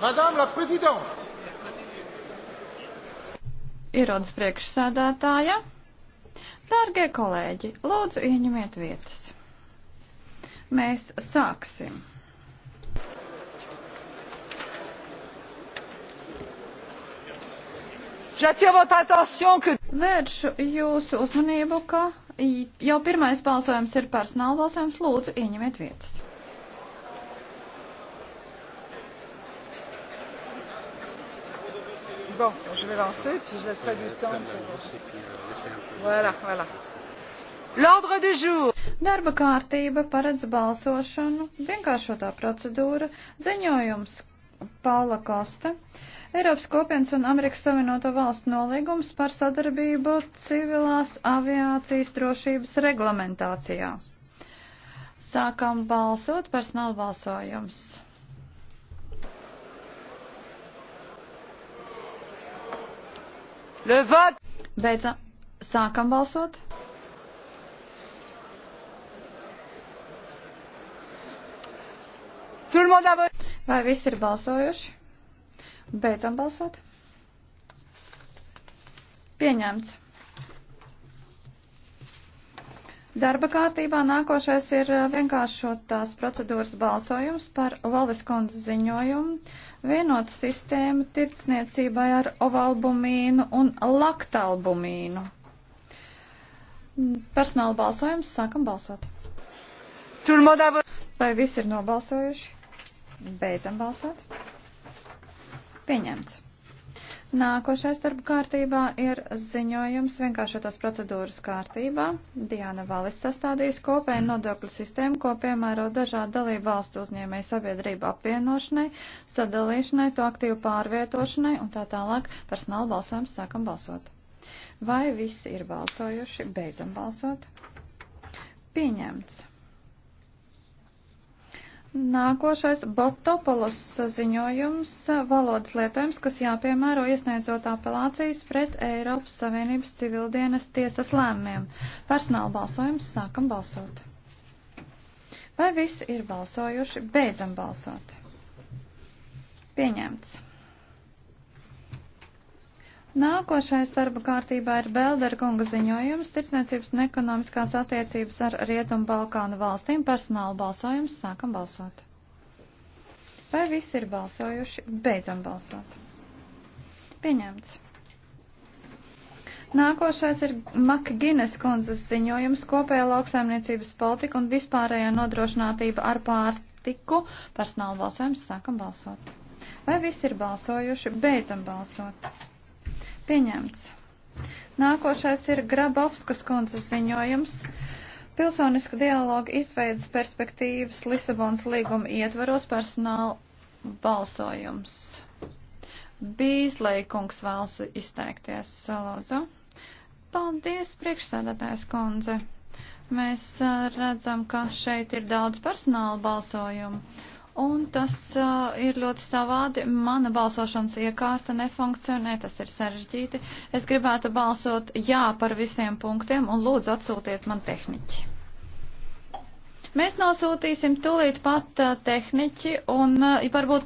Madame la Présidente! Ierodas priekšsēdētāja. Dārgie kolēģi, lūdzu ieņemiet vietas. Mēs sāksim. Vēršu jūsu uzmanību, ka jau pirmais balsojums ir personāla balsojums. Lūdzu, ieņemiet vietas. Bon, je vais lancer, puis je laisserai du temps. Voilà, voilà. L'ordre du jour. Darba kārtība paredz balsošanu, vienkāršotā procedūra, ziņojums Paula Kosta, Eiropas kopienas un Amerikas Savienoto valstu nolīgums par sadarbību civilās aviācijas drošības reglamentācijā. Sākam balsot personāla balsojums. Le vote. Beidzam. Sākam balsot. Vai visi ir balsojuši? Beidzam balsot. Pieņemts. Darba kārtībā nākošais ir uh, vienkāršotās procedūras balsojums par Valdes kundzes ziņojumu, vienot sistēmu tirdzniecībai ar ovalbumīnu un laktalbumīnu. Personāla balsojums, sākam balsot. Vai visi ir nobalsojuši? Beidzam balsot. Pieņemts. Nākošais darba kārtībā ir ziņojums vienkāršotās procedūras kārtībā. Diana Valis sastādījis kopēju nodokļu sistēmu, ko piemēro dažādu dalību valstu uzņēmēju sabiedrību apvienošanai, sadalīšanai, to aktīvu pārvietošanai un tā tālāk. Personāla balsojums sākam balsot. Vai visi ir balsojuši? Beidzam balsot. Pieņemts. Nākošais Botopolos ziņojums - valodas lietojums, kas jāpiemēro iesniedzot apelācijas pret Eiropas Savienības civildienas tiesas lēmumiem. Personāla balsojums - sākam balsot. Vai visi ir balsojuši? Beidzam balsot. Pieņemts. Nākošais darba kārtībā ir Belderkunga ziņojums - tirdzniecības un ekonomiskās attiecības ar Rietumu Balkānu valstīm. Personāla balsojums - sākam balsot. Vai visi ir balsojuši? Beidzam balsot. Pieņemts. Nākošais ir Makgines kundzes ziņojums - kopējā lauksaimniecības politika un vispārējā nodrošinātība ar pārtiku. Personāla balsojums - sākam balsot. Vai visi ir balsojuši? Beidzam balsot. Pieņemts. Nākošais ir Grabovskas kundzes ziņojums. Pilsoniska dialoga izveidas perspektīvas Lisabonas līguma ietvaros personāla balsojums. Bīzlei kungs vēlas izteikties, lūdzu. Paldies, priekšsēdētājs kundze. Mēs redzam, ka šeit ir daudz personāla balsojumu Un tas uh, ir ļoti savādi. Mana balsošanas iekārta nefunkcionē, tas ir sarežģīti. Es gribētu balsot jā par visiem punktiem un lūdzu atsūtiet man tehniķi. Mēs nosūtīsim tūlīt pat uh, tehniķi un uh, varbūt.